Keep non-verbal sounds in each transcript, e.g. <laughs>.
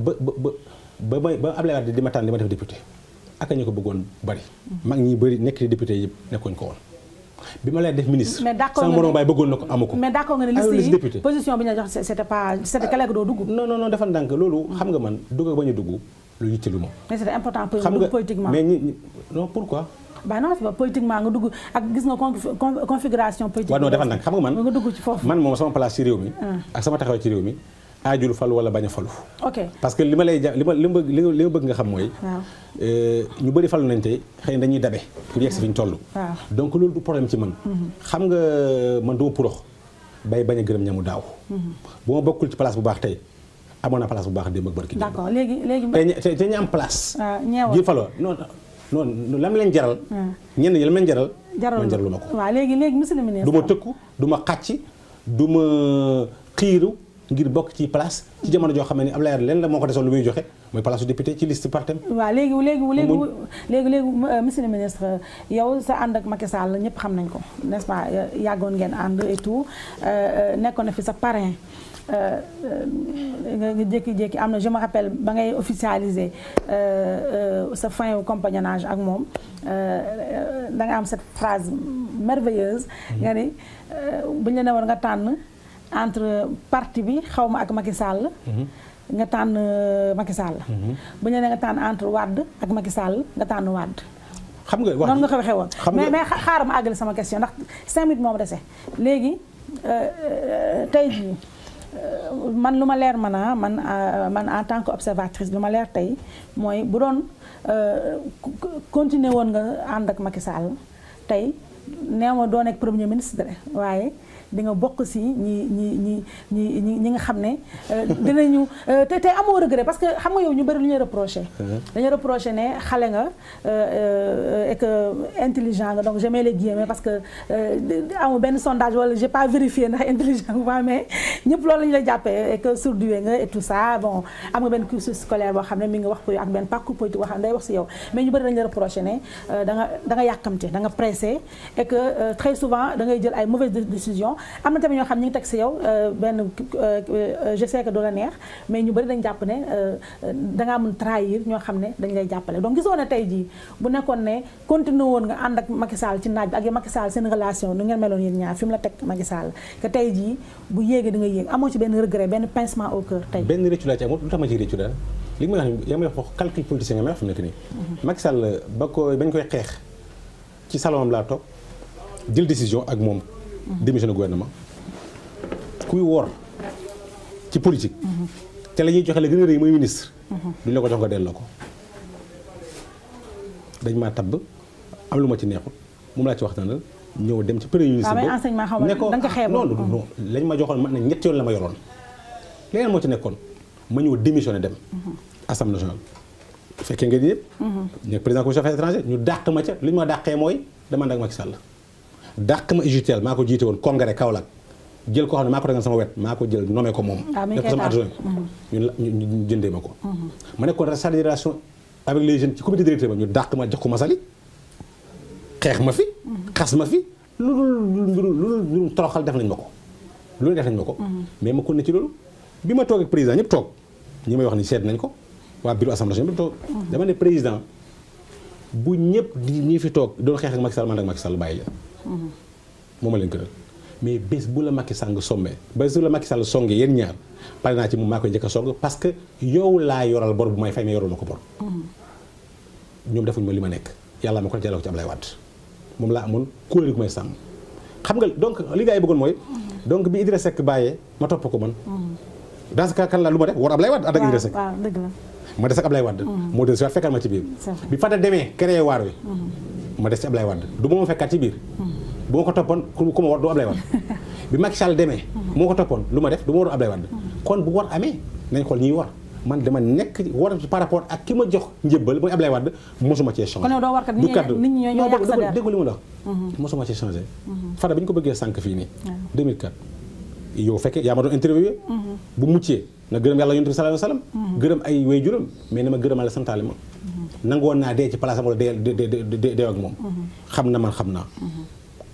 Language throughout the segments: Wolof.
ba ba ba ba ba Abdoulaye Wade di ma tànn di ma def député ak ñu ko bëggoon bari. mag ñi bëri nekk député yëpp nekkoon ko woon. bi ma lay def ministre. mais d' accord nga ne bëggoon ko amu ko. d' yi position bi ñu jox c' était pas ah, mm. mais c' est important pour nga politiquement mais ñi politiquement nga dugg ak gis nga configuration. politique waaw non dafa ndànk xam nga man nga dugg ci foofu. man moom sama place ci réew mi. Ah. ak sama taxawaay ci réew mi. aajul falu wala bañ a falu. parce que li ma lay ja li ma li ma bëgg mooy. Euh, ñu bëri falu nañ tey xëy na dañuy dabe. pour yegg si fi loolu du problème ci man. Mhm. xam nga ma purox bay bañ a gërëm ñamu daaw. Mhm. bu ma bokkul ci place bu baax tey amoon na place bu baax démb ak barki. d'accord léegi léegi. te ñu am place. Ah, ñeewal ji faloo non non lam leen jaral. Ah. ñenn ñi lam leen jaral. ko. waaw léegi léegi monsieur le ministre. du ma tëkku du ma xàcc du ma xiiru. ngir bokk ci place ci jamono joo xam ne Abdoulaye Wade leen la moo ko desoon lu muy joxe mooy place su député ci liste partem waaw léegi léegi léegi léegi léegi monsieur le ministre yow sa ànd ak Macky Sall ñëpp xam nañ ko n'est-ce yàggoon ngeen ànd et tout euh, euh, nekkoon na fi sa parrain euh, nga jékki-jékki am na je me rappelle ba ngay officialiser sa fin wu compagnonnage ak moom da am cette phrase merveilleuse mm-hmm. nga ni bu la ne nga tànn entre parti bi xaw ma ak Macky Sall. Mhm. nga tànn euh, Macky Sall. Mhm. bu ñu nga tànn entre Wade ak Macky sàll nga tànn Wade. xam nga noonu nga ko waxee woon. mais mais xaaral ma àggale sama question ndax cinq minutes moom dese. léegi euh, euh, tey jii man lu ma leer man a ah, man man en tant que observatrice lu ma leer tey mooy bu doon continuer woon nga ànd ak Macky Sall tey nee ma doo nekk premier ministre waaye. di nga bokk si ñi ñi ñi ñi ñi ñi nga xam ne euh, dinañu euh, te te amoo regret parce que xam nga yow ñu bëri lu ñuy reproché uh-huh. dañu reproché ne xale nga euh, et que intelligent nga donc je mets que amu benn sondage wala j'ai pas vérifié ndax intelligent <laughs> mais ñëpp loolu la la jàppee et que surdoué nga et tout ça bon am nga benn cursus scolaire boo xam ne mi ngi wax ko ak benn parcours politique boo xam ne wax si yow mais ñu bëri dañu la reproché ne da nga da nga yàkkamte da nga pressé et que très souvent da ngay jël ay mauvaises décision am na tamit ñoo xam ñu teg si yow euh, benn euh, euh, je sais la neex mais ñu bari dañ jàpp ne dangaa mën trahir ñoo xam ne dañ lay jàppale donc gisoo ne tey jii bu nekkoon ne continué woon nga ànd ak Macky Sall ci naaj bi ak yi seen relation nu ngeen meloon yéen ñaar fi mu la teg Macky Sall que tey jii bu yéegee di yéeg amoo ci benn regret benn pincement au cœur tey benn réccu laa ci amul lu tax ma ci réccu daal li ma wax yaa may wax mhm. koy xeex ci salon am laa toog jël décision ak moom démissionné gouvernement kuy wor ci politique. te la ñuy joxe la gën a rëy mooy ministre. duñ la ko jox nga delloo ko. dañ maa tabb am lu ma ci neexul moom laa ci waxtaanal ñëw dem ci premier ministre. waaw mais enseignement xaw ma da nga xeeboon non non non lañ ma joxoon man ñetti yoon la ma yoroon. leneen moo ci nekkoon ma ñëw démissionné dem. assemblée nationale. fekkee nga di yëpp. ñu président commission affaires étrangères ñu dàq ma ca li ñu ma dàqee mooy demande ak Macky Sall. dàq ma UGTEL maa ko jiite woon congrès Kaolack jël koo xam ne maa ko tegal sama wet maa ko jël nommé ko moom. Ah, def ko sama adjoint mhm. ñun la ñu jëndee ma ko. Mhm. ma nekkoon relation avec les jeunes ci comité directeur ñu dàq ma jox ko Massaly xeex ma fi. Mhm. xas ma fi lu lu def nañ ma ko. loolu def nañ ma ko. mais ma kon ne ci loolu bi ma toog ak président ñëpp toog ñu may wax ni seet nañ ko waa bureau assemblée nationale dama ne président bu ñëpp di ñi fi toog doon xeex ak Macky Sall man ak Macky Sall bàyyi la. moom ma leen gënal mais bés bu la Macky Sall sommee bés bu la Macky Sall songee yéen ñaar pare naa ci moom maa koy njëkk a song parce que yow laa yoral bor bu may fay mais yoral ma ko bor. ñoom defuñu ma li ma nekk yàlla ma ko jëlee ko ci Ablaye Wade moom laa amoon kóolari gu mm-hmm. fekkal ma ci biir. bi Fada demee créé waar wi. Mm-hmm. ma des ci Ablaye Wade du ma ma fekkaat ci biir. Hmm. bu ma ko toppoon ku ma war du Ablaye Wade <laughs> bi Macky Sall demee. Hmm. moo ko toppoon lu ma def du ma waru Ablaye Wade hmm. kon bu war amee nañ xool ñuy war man dama nekk war par rapport ak ki ma jox njëbbal mooy Ablaye Wade mosuma sa der déggu li ma la wax. mosuma cee changé. Fada bi ñu ko bëggee sànq fii nii. 2004 yow fekkee yaa ma doon interviewé. bu muccee na gërëm yàlla yonent bi sallallahu alayhi gërëm ay way juróom mais na ma gërëmal santaale nangoon naa dee ci place am wala dee dee dee ak moom. xam na man xam naa.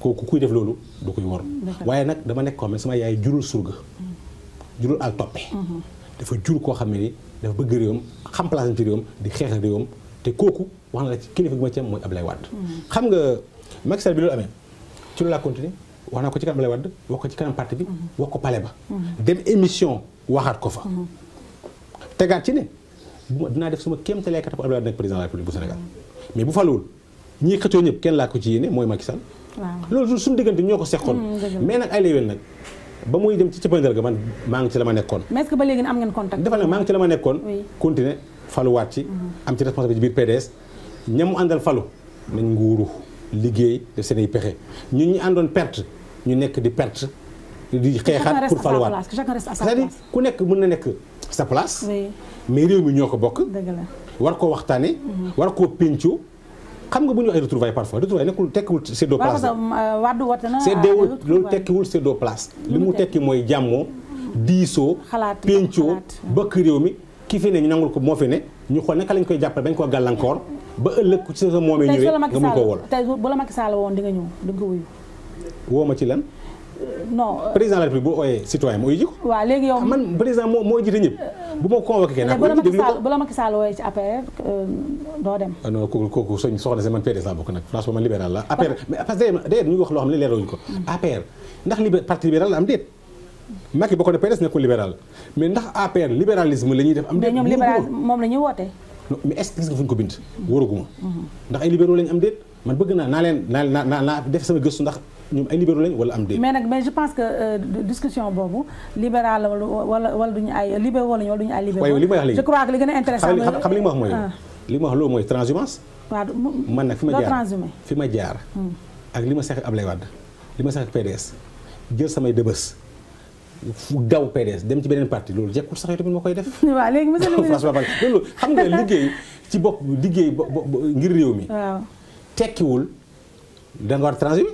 kooku kuy def loolu du koy wor waaye nag dama nekk koo xam ne sama yaay jurul surga. jurul ak toppe. dafa jur koo xam ne ni dafa bëgg réewam xam place am ci réewam di xeex réewam te kooku wax na la ci kilifa gi ma ci am mooy Ablaye Wade. xam nga naa ko ci kanam Ablaye Wade wax ko ci kanam parti bi. Mhm. wax ko palais ba. Mhm. dem émission waxaat ko fa. Mhm. tegaat ci ne. bu ma dinaa def suma kéemtalee katapu Abdoulaye nekk président de bu Sénégal mais bu faluwul ñiy xëccoo ñëpp kenn laa ko ci yéene mooy ma Sall loolu suñu diggante ñoo ko seqoon mm, mais nag ay léewéen nag ba muy dem ci cëppandal ga man maa ngi ci la ma nekkoon mais est-ce que ba léegi am ngeen contact dafa nag maa ngi ci la ma nekkoon continuer faluwaat ci mm-hmm. am ci responsabilité biir PDS ñamu àndal falu nañ nguuru liggéey def seen ay pexe ñu ñi àndoon perte ñu nekk di perte di xeexaat pour faluwaat c'est-à-dire ku nekk mun na nekk sa place mais réew mi ñoo ko bokk war ko waxtaane war koo mhm. péncoo xam nga bu ñu wax ay retrouvailles parfois retrouvailles nekkul tekkiwul seddoo place seddewul euh, euh, loolu tekkiwul seddoo place li mu tekki mooy jàmmoo mhm. diisoo péncoo bëkk réew mi ki fi ne ñu nangul ko moo fi ne ñu xool naka lañ koy jàppale bañ koo gàllankoor ba ëllëg ku ci sa moomee ñëwee nga mun ko wol tey bu la Macky Sall woon di nga ñëw di nga ko wuyu woo ma ci lan non. président de la République bu ooyee citoyen mu uyu ji ko. waaw léegi yow ah, man président moo moo jiite ñëpp. bu ma convoqué kenn fu ñu ko bind. waraguma. Mhm. ndax ay libéraux lañ am déet man bëgg naa naa leen naa def sama gëstu ndax ñoom ay libéraux lañ wala am déet. mais nag mais je pense que euh, discussion boobu libéral wala wala duñu ay libéraux lañ wala duñu ay libéraux. waaye li may wax léegi je crois que li gën a intéressant. xam li ma wax mooy. Ah. li ma wax loolu mooy transhumance. waaw man nag fi ma jaar fi ma jaar. Hmm. ak li ma seq Ablaye Wade li ma seq PDS jël samay dëbës. fu daw PDS dem ci beneen parti loolu jekkul sax yow tamit moo koy def. <laughs> waaw léegi monsieur le ministre <laughs> loolu xam nga liggéey ci bopp liggéey ngir réew mi. waaw tekkiwul da nga war transhumé.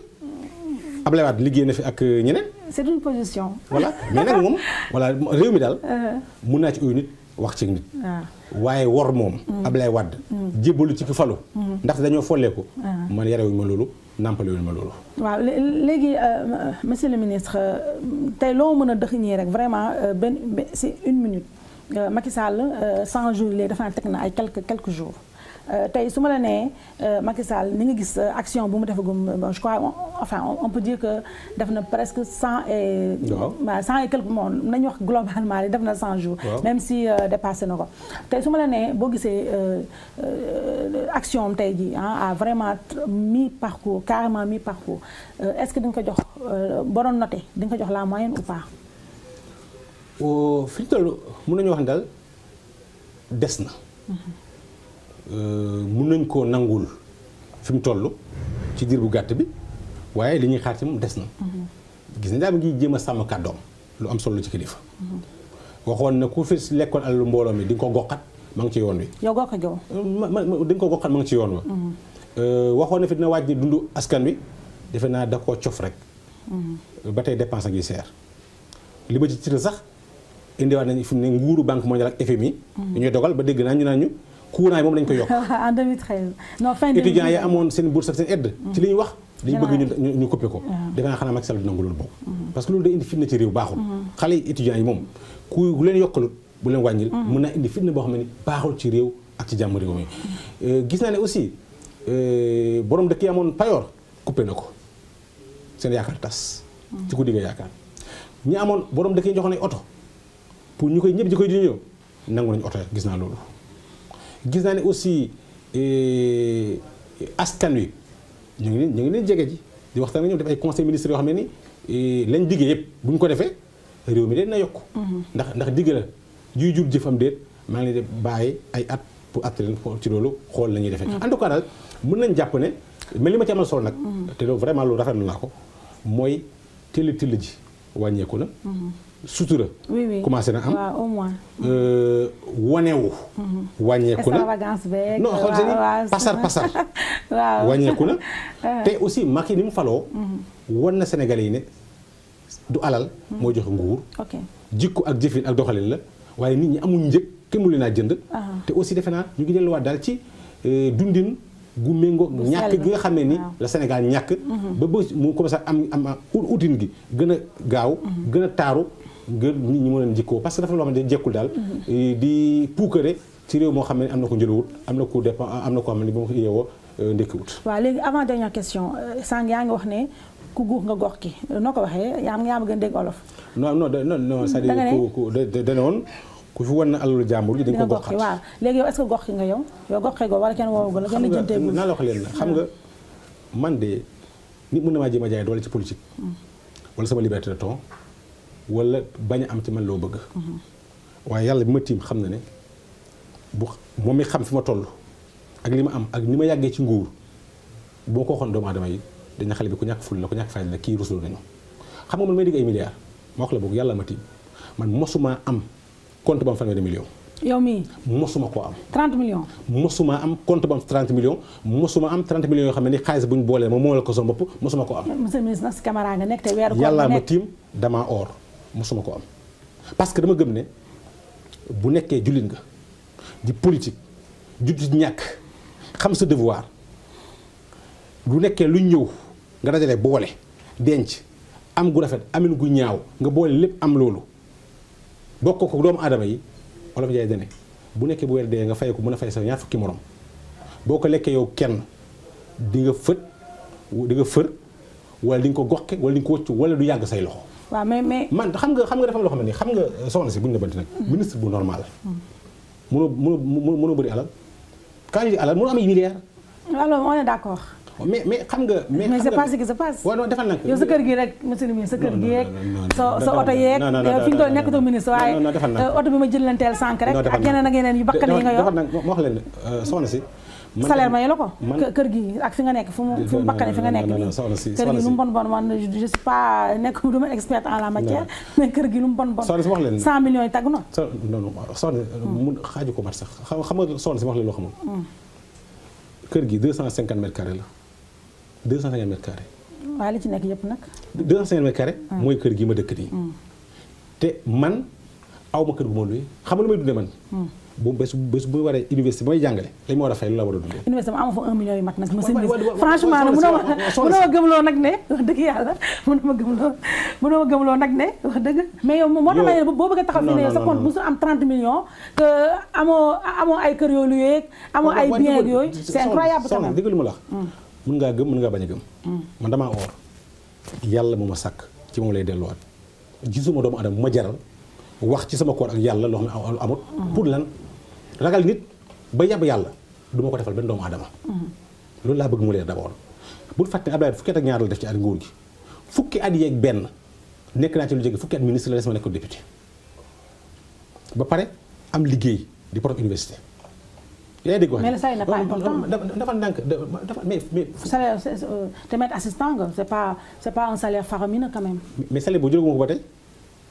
Ablaye Wade liggéey na fi ak ñeneen. c' est une position. voilà mais nag moom voilà réew mi daal. <laughs> Euh. mun naa ci uyu nit wax ci nit. Ah. waaye wor moom. Mm. Ablaye Wade. Mm. jébbalu ci ki falu. Mm. ndax dañoo follee ko. Ah. man yarewuñu ma loolu nàmpalewuñu ma loolu. waaw léegi euh, monsieur le ministre euh, tey loo mën a dëxëñee rek vraiment benn c' est une minute Macky Sall 100 léegi dafa naa teg na ay quelques quelques jours tey su ma la nee Macky Sall ni nga gis action bu mu defagum je crois. enfin on peut dire que def na presque cent et. waaw cent et quelques mois nañu wax yi def na cent jours. même si euh, dépassé na ko te su ma la nee boo gisee euh, euh, action am tey jii ah vraiment mi parcours carrément mi parcours est-ce que di ko jox boroon doon noté ko jox la moyenne ou pas. fi ñu toll mën nañu wax ne des na. mën mm-hmm. nañ koo nangul fi mu toll ci diir bu gàtt bi. waaye li ñuy xaar ci moom des na. gis nañ daal mi ngi jéem a sàmm kàddoom lu am solo ci kilifa. waxoon na ku fi lekkoon alalu mbooloo mi di nga ko goqat ma ngi ci yoon wi. yow goqe gi ma ma ko goqat ma ngi ci yoon wa euh, waxoon na fi dina wàññi dundu askan wi defe naa da koo cof rek. ba tey dépense ngi seer li ma ci tiital sax indiwaat nañu fi mu ne nguuru banque mondiale ak FMI. dañuy mm-hmm. dogal ba dégg naa ñu naa ñu courant yi moom lañ ko yokk. <laughs> en 2013 non yi amoon seen bourse ak seen aide. Mm-hmm. ci wax. dañu bëgg ñu ñu coupé ko ah. defe naa xanaa Macky Sall nangu loolu bokk mm-hmm. parce que loolu day indi fitna ci réew baaxul mm-hmm. xale yi étudiants yi moom ku leen yokkalut bu leen wàññil mm-hmm. mën naa indi fitna boo xam ne baaxul ci réew ak ci jàmm réew mi euh, gis naa ne aussi euh, borom dëkk amoon payoor coupé na ko tas ci guddi nga yaakaar ñi amoon borom dëkk yi joxoon ay oto pour ñu koy ñëpp di koy di ñëw nangu nañu oto gis naa loolu gis naa ne aussi euh, askan wi ñu ngi ñu ngi leen jege ji di waxtaan ak ñoom def ay conseil ministre yoo xam ne ni eh, lañ diggee yëpp bu ñu ko defee réew mi de na yokk mm-hmm. ndax ndax digg la ju juy jur jëfam déet maa ngi leen di bàyyi ay at pour atte leen ci loolu xool la ñuy defee mm-hmm. en tout cas daal mën nañ jàpp ne mais li ma ci amal solo nag mm-hmm. te loolu vraiment lu rafetlu naa ko mooy tëll tëll ji wàññeeku na sutura. oui oui commencé na am waaw au moins. Euh, wanewu. Mm-hmm. wàññeeku na extravagance beeg. non xool seen pasar pasar. waaw na. <laughs> te aussi Macky ni mu faloo. Mm-hmm. wan na Sénégalais yi ne du alal. Mm-hmm. moo joxe nguur. ok ak jëfin ak doxalin la waaye nit ñi amuñ njëg kenn mu leen a jënd. Ah. te aussi defe naa ñu ngi delluwaat daal ci euh, dundin. gu méngoo ñàkk gi nga xam ne ni la Sénégal ñàkk ba ba mu commencé am utin gi gën a gaaw gën a taaru ngir nit ñi mën leen jikkoo parce que dafa loo xam ne dañ jekkul daal di moo xam ne am na ko njëluwut am am na ko xam ne bi ma ko yeewoo euh, ndékkiwut waaw euh, yaa ngi wax ne ku guux nga gox ki noo ko waxee yaa yaa ma gën dégg olof non non non non c'est-à-dire danoon ku fi wan na alalu jàmbur ji dañ ko gox waaw léegi yow est gox ki nga yow yow goxee go wala kenn woowu la kenn jënteegul naa la wax leen nga man de nit mën na maa jéem a jaay doole ci politique mm. wala sama liberté de wala bañ am ci man loo bëgg. waaye yàlla bi ma tiim xam na ne bu moom mi xam fi ma toll ak li ma am ak ni ma yàggee ci nguur boo ko waxoon doomu aadama yi dañu xale bi ku ñàkk ful la ku ñàkk fayal la kii rusloo nañu xam nga man may dégg ay milliards ma wax la boog yàlla ma tiim man mosuma am compte ba am fanweeri million. yow mii mosuma koo am. 30 millions. mosuma am compte ba am 30 millions mosuma am ne ni xaalis bu ñu boolee ma moo la ko sama bopp mosuma koo am. monsieur nekk te weeru. ko yàlla ma tiim damaa or. mosuma ko am parce que dama gëm ne bu nekkee jullit nga di politique judd ñàkk xam sa devoir lu nekkee lu ñëw nga dajale boole denc am gu rafet amin gu ñaaw nga boole lépp am loolu bokk ko doomu aadama yi wala jaay dane bu nekkee bu weer dee nga fay ko mën a fay sa ñaar fukki moroom boo ko lekkee yow kenn di nga fët di nga fër wala di ko goqe wala di nga ko wëccu wala du yàgg say loxo waaw mais mais man xam nga xam nga dafa am loo xam ne xam nga euh, soxna si bu ñu la banti nag mm. ministre bu normal mënoo mënoo mënoo bëri alal quand je dis alal mënoo am ay milliards alors on est d'accord mais xam nga. mais mais ça passe que ça passe. yow sa kër gi rek monsieur le ministre sa kër gi yeeg. sa sa oto yeeg. Euh, oto bi ma jëlanteel sànq rek. ak yeneen ak yeneen yu bakkan yi nga yor. salaire mayu la ko kër gi ak fi nga nekk fu mu fu mu bakkane fi nga nekk nii kër gi lu mu bon bon man je suis pas nekk du ma expert en la matière mais kër gi lu mu bon bon soxna si wax leen cent millions yi tagg na non non soxna mu xaaju ko mat sax xam nga soxna si wax leen loo xamul mm. kër gi deux cent cinquante mètres carrés la deux cent cinquante mètres carrés waaye li ci nekk yëpp nag deux cent cinquante mètres carrés mm. mooy kër gi ma dëkk nii mm. te man aw ma kër gu ma luy xam nga lu may dundee man bu bés bés bu waree université mooy jàngale lañ ma war a fay la war a dundee. université ma amoo fa un million yu mat nag. franchement nag mënoo ma gëmloo ne wax ma ma gëmloo nag ne wax dëgg. mais yow moo tax ma ne boo bëgg a taxaw fii ne yow sa compte bu su am 30 millions. que amoo amoo ay kër yoo luyee amoo ay biens ak yooyu. c'est incroyable quand même dégg lu ma la wax. Mm. mën ngaa gëm mën ngaa bañ a gëm. Mm. man damaa oor yàlla mu ma sàkk ci moom lay delluwaat gisuma doomu adam ma jaral wax ci sama koor ak yàlla loo xam ne amut mm. pour lan ragal nit ba yab yàlla du ma ko defal benn doomu aadama mm-hmm. loolu laa bëgg mu leer d'abord bul fàtte ne Abdoulaye fukki ñaar def ci at nguur fukki at yeeg benn nekk naa ci lu jege fukki at ministre la des ba pare am liggéey di prof université yaa ngi dégg wax mais le salaire n'est pas important dafa ndànk dafa mais mais. salaire tamit euh, assistant nga c'est pas c'est pas salaire faramineux quand mais salaire boo jëlee ko ba tey.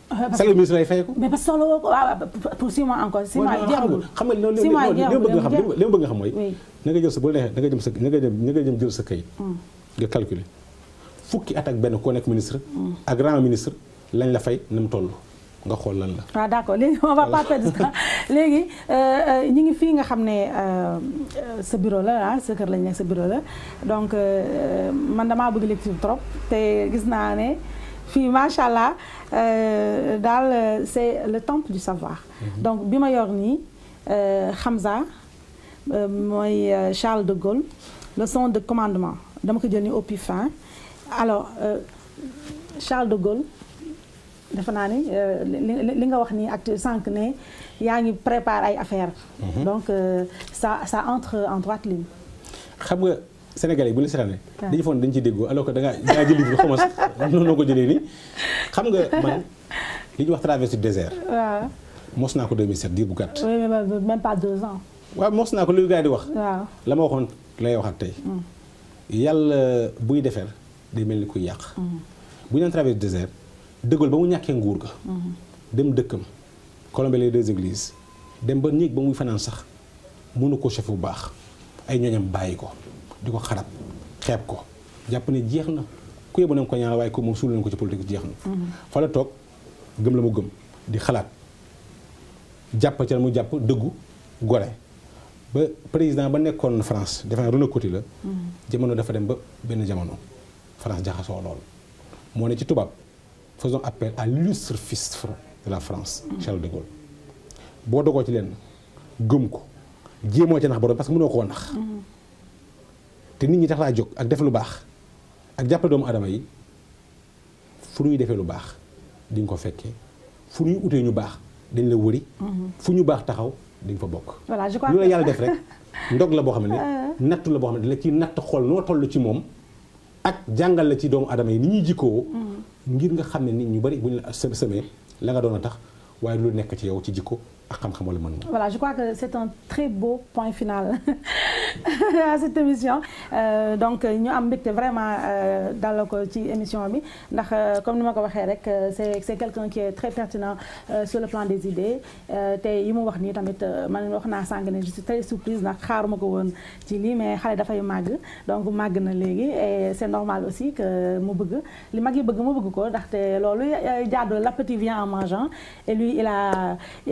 Ah, salaire ministre lay fay ko. mais parce que pour six encore. six mois jeexagul xam na nga jël sa bu neexee na nga sa na nga jëm na nga jëm mm. fukki at ak benn koo nekk ministre. Mm. ministre lañ la fay ni mu nga xool lan la. waaw ah, d' accord léegi <laughs> léegi euh, euh, ñu ngi fii nga xam ne euh, sa bureau la ah sa kër lañ nekk sa bureau la donc man damaa bëgg lecture trop te gis naa ne. fii macha allah euh, daal c' est le temple du savoir. Mhm. donc bi ma yor nii euh, Hamza euh, mooy Charles de Gaulle leçon de commandement dama ko jël nii au pif fin alors Charles de Gaulle defe naa ni li nga wax nii ak sànq ne yaa ngi prépare ay affaires. Mhm. donc ça ça entre en droite ligne. xam nga. sénégal yi bu ñu seetaanee dañu foog ne dañu ciy déggoo alors ko da ngaa dangaa jël livre ko jëlee nii xam nga man li ñuy wax traversée du désert waaw mos naa ko 2007 diir bu gàtt oui mais même pas deux mos naa ko lu gars yi wax la ma waxoon lay waxaat tey mm. yàlla buy defar day mel ni kuy yàq mm. bu ñu naan traversée du ba mu ñàkkee nguur ga mm. dem dëkkam colombe les deux églises dem ba néeg ba muy fanaan sax mënu ko chef bu baax ay ñooñam bàyyi ko di ko xarab xeeb ko jàpp ne jeex na ku yóbbu nañ ko ñaanal waaye ko moom suul nañ ko ci politique jeex na. Mm-hmm. fa la toog gëm la mu gëm di xalaat jàpp ca mu jàpp dëggu gore ba président ba nekkoon France defe naa René la. Mm-hmm. jamono dafa dem ba benn jamono France jaxasoo lool moo ne ci tubaab faisons appel à l'illustre fils France. Mm-hmm. Charles de Gaulle boo dogoo ci leen gëm ko jéemoo ca nax borom parce que mënoo koo nax. te nit ñi tax laa jóg ak def lu baax ak jàppale doomu adama yi fu ñuy defee lu baax di ko fekkee fu ñuy utee ñu baax dañ la wëri mhm. fu ñu baax taxaw diñ ko fa bokk lu la yàlla <laughs> def rek ndog la boo xam ne euh. natt la boo xam ne dala ciy natt xool noo toll ci moom ak jàngal la ci doomu adama yi ni ñuy jikkoo mhm. ngir nga xam ne nit ñu bari bu ñu la semee la nga doon a tax waaye lu nekk ci yow ci jikko ak xam-xam wala mën-mën voilà je crois que c'est un très beau point final <laughs> <laughs> à cette émission euh, donc ñu am mbégte vraiment euh, dalal ko ci émission bi ndax euh, comme ni ma ko waxee rek c'est c'est quelqu'un qui est très pertinent sur le plan des idées te yi mu wax nii tamit man wax naa sànq ne je suis très surprise ndax xaaruma ko woon ci lii mais xale dafay màgg donc màgg na léegi et c'est normal aussi que mu bëgg li mag yi bëgg mu bëgg ko ndaxte loolu jaadu l'appétit vient en mangeant et lui il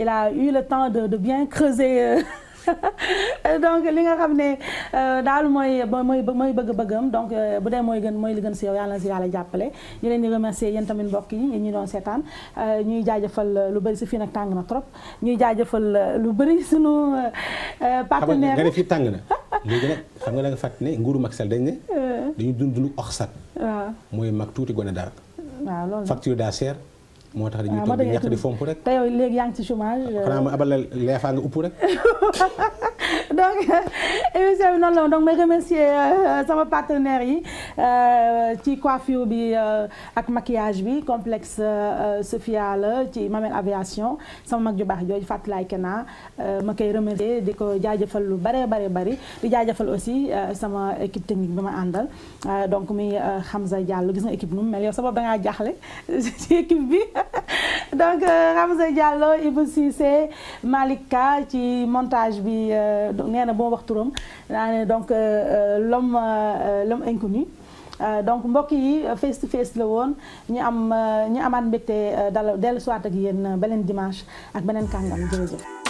a eu le temps de de bien creuser <laughs> <laughs> donc li nga xam ne euh, daal mooy ba mooy mooy bëgg-bëggam donc euh, bu dee mooy gën mooy li gën si yow yàlla na si yàlla jàppale ñu leen di remercier yéen tamit mbokk yi ñu doon seetaan euh, ñuy jaajëfal lu bëri si fii nag tàng na trop ñuy jaajëfal lu bëri <laughs> sunu partenaire nga tàng na léegi nag xam nga da nga fàttali ne nguuru Macky Sall dañ ne <laughs> dañu dund lu oxsat waaw mooy mag tuuti gone dara waaw loolu facture daa seer moo tax dañuy ah, toog di ñàkk di fomp rek. te yow léegi yaa ngi ci chômage. xanaa ma abal la leefaa nga upp rek. <laughs> <laughs> donc <laughs> émission bi noonu la donc may remercier euh, sama partenaire yi euh, ci coiffure bi euh, ak maquillage bi complexe Sophia la ci Mamel aviation sama mag ju baax jooju fàttalaay kenaa ma koy remercier di ko jaajëfal lu bare bare bari di jaajëfal aussi sama équipe technique bi ma àndal donc muy Hamza Diallo gis nga équipe nu mel yow sa bopp dangaa jaaxle <laughs> ci équipe bi donc euh, Ramza Diallo Ibou Cissé Malick Ka ci montage bi euh, nee na boo wax turam naa ne donc euh, l'homme l'homme inconnu donc mbokk yi face to face la woon ñu am ñu amaat mbégte dala dellu siwaat ak yéen beneen dimanche ak beneen kàngam jërëjëf